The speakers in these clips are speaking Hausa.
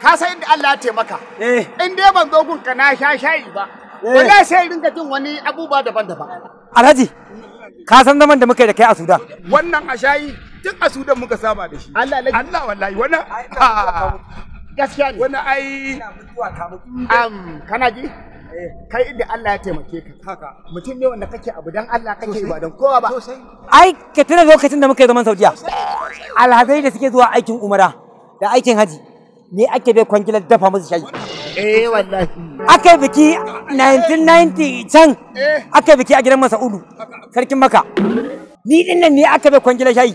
ka san inda Allah ya taimaka eh. in dai ban zo gunka na sha shayi ba eh. wala sai rinka jin wani abubuwa daban-daban alhaji ka san zaman da muka yi da kai a sudan wannan a shayi a sudan muka saba da shi Allah Allah wallahi wannan gaskiya ne Wani ai am kana ji eh. kai inda Allah ya taimake ka haka mutum ne wanda kake abu dan Allah kake ba dan kowa ba ai ka tuna lokacin da muka yi zaman Saudiya alhazai da suke zuwa aikin umara da aikin haji ne ake bai kwangilar dafa musu shayi. Eh wallahi. Aka biki 1990 can Eh. aka biki a gidan Masa'udu sarkin Maka. Ni din nan ne aka bai kwangilar shayi.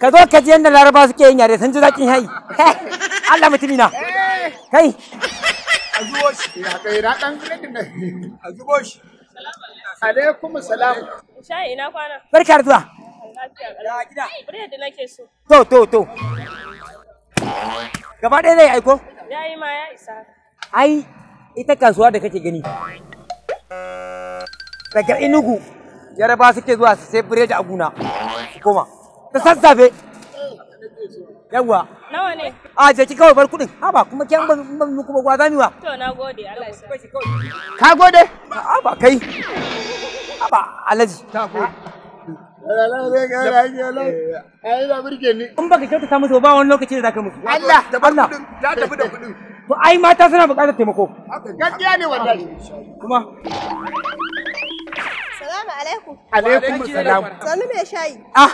Ka zo ka ji yadda Laraba suke yin yare sun ji zakin shayi. Allah mutumi na. Eh. Kai. A zubo shi. Ya kai na dan gidan nan. A zubo shi. Alaikum salam. Shayi ina kwana. Barka da zuwa. Lafiya. Ya gida. Biredi nake so. To to to. Gaba ɗaya zai aiko? Ya yi ma ya isa. Ai, ita kasuwa da kake gani. Daga Inugu, Yaraba suke zuwa su sai biredi a guna. Koma. Ta sassafe. Yawwa. Nawa ne? A je ki kawai bar kuɗin. Haba kuma kyan ban ban kuma ba gwa wa. To na gode Allah ya sa. Ka gode? Haba kai. Haba Alhaji. Ta gode. Ai na burge ni. In baka kyautata musu ba wani lokaci da zaka musu. Allah, Allah. Ta tafi da kuɗin. To ai mata suna buƙatar taimako. Gaskiya ne wallahi. Kuma Salamu alaikum. Alaikum salam. Sanu mai shayi. Ah.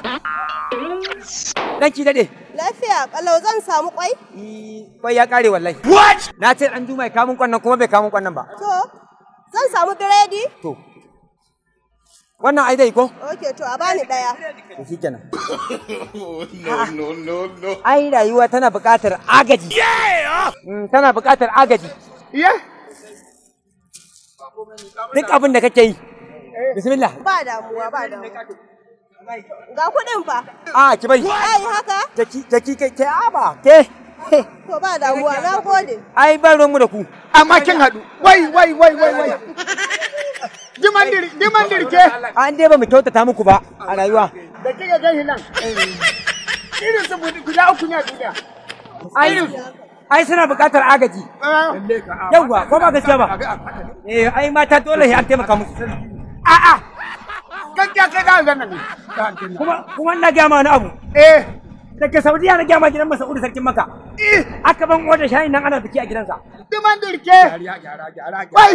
Dan ki dade. Lafiya kalau zan samu kwai? Kwai ya kare wallahi. What? Na ce an juma ya kamun kwannan kuma bai kamun kwannan ba. To, zan samu biredi? To, Wannan ai dai ko? okay to a bani daya. To shikenan. No oh, no no no. Ai rayuwa tana buƙatar agaji. Mm, tana buƙatar agaji. Duk abin da kake yi. Eh. Bismillah. Ba damuwa ba damuwa. Ga kuɗin fa. A ki bari. Ai haka? Taki taki kai ke aba ke. To ba damuwa na gode. Ai barin mu da ku. Amma kin haɗu. Wai wai wai wai wai. diman dirke an dai ba mu kyautata muku ba a rayuwa da kika gani nan irin su guda uku ne a duniya ai suna buƙatar agaji yauwa ko ba gaskiya ba eh ai mata dole sai an taimaka musu a'a gaskiya kai da nan kuma kuma na ga ma wani abu eh daga saudiya na gyama gidan masa uri sarkin maka aka ban wata shayin nan ana biki a gidansa duman dirke wai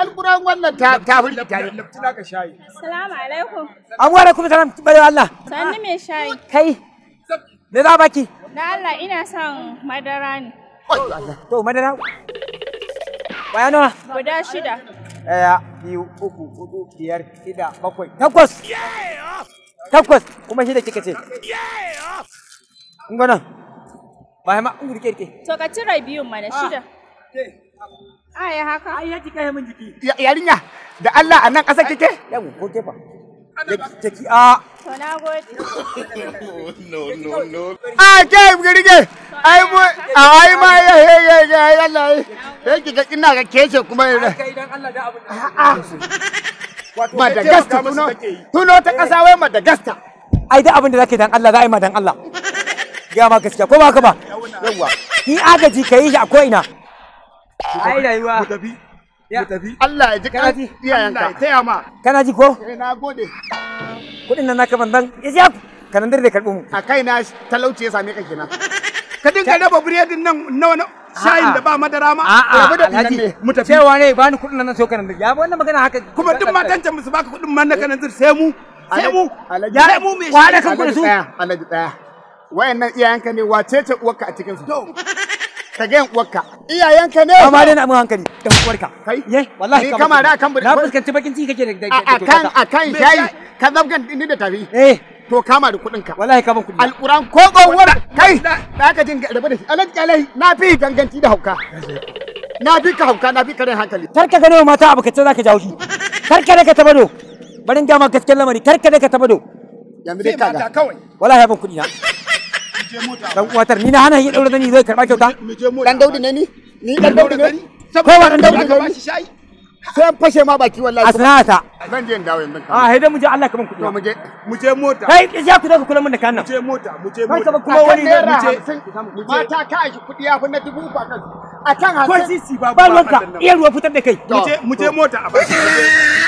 alquran wannan ta ta hulli ta laftina ka shayi assalamu alaikum abu alaikum salam bare Allah sanni me shayi kai me za baki na Allah ina son madara ne to madara waya nawa guda shida ɗaya biyu uku hudu biyar shida bakwai takwas takwas kuma shida kika ce in ba ma ungu rike rike to ka cire biyun mana ah, shida a ah, ya haka ai ya kika min jiki yarinya da Allah a nan kike yau ko ke fa teki a to na gode no no no a ke rike ai mu ai ma ya he ya ya yalla he kika ga kece kuma kai dan Allah da abin madagascar. tuno ta kasa wai Madagaskar ai da abin da zake dan Allah za a yi ma dan Allah ya ma gaskiya ko ba ka ba yawa ni agaji ka yi shi a ko'ina ai rayuwa ku tafi ku tafi Allah ya ji kana ji iyayenka taya ma kana ji ko eh na gode kudin nan naka bandan ya ji ku kana dare da karbi mu a kai na talauci ya same ka kenan ka dinga raba buredin nan nawa na shayin da ba madara ma rabu da alhaji mu tafi cewa ne ba ni kudin nan so kana ya ba wannan magana haka kuma duk matan can musu baka kudin man na kanan sai mu sai mu ya mu me shi kwana kan kudin su alhaji daya wayannan iyayenka ne wace ce uwarka a cikin su to ka ga uwarka iyayenka ne amma dai na mun hankali da uwarka kai ye wallahi kama da kan na fuskanci bakin ciki kake da akan akan shayi ka zabgan din da tafi eh to kama da kudin ka wallahi ka ban kudi alquran ko gowar kai da ka jin rabu da shi alhaji alai na fi ganganci da hauka na fi ka hauka na fi karen hankali tarka ka ne mata abu kace zaka jawo shi tarka ne ka tabado barin gama gaskiyar lamari tarka ne ka tabado yanzu dai ka ga wallahi ban kudi na dan uwatar ni na hana shi daura dani zai karba kyauta dan daudi ne ni ni dan daudi ne kai wa dan daudi ne sai an fashe ma baki wallahi asnata zan je ndawo yanzu a ah, haida mu je Allah kaman kudi mu je mu je mota kai ki sai ku da kula mun da mu je mota mu je mota kuma wani ne mu je mata ka ashi kudi ya fi na dubu ka akan a can hasan ko sisi ba ba ba iya ba ba ba kai ba ba ba ba ba a ba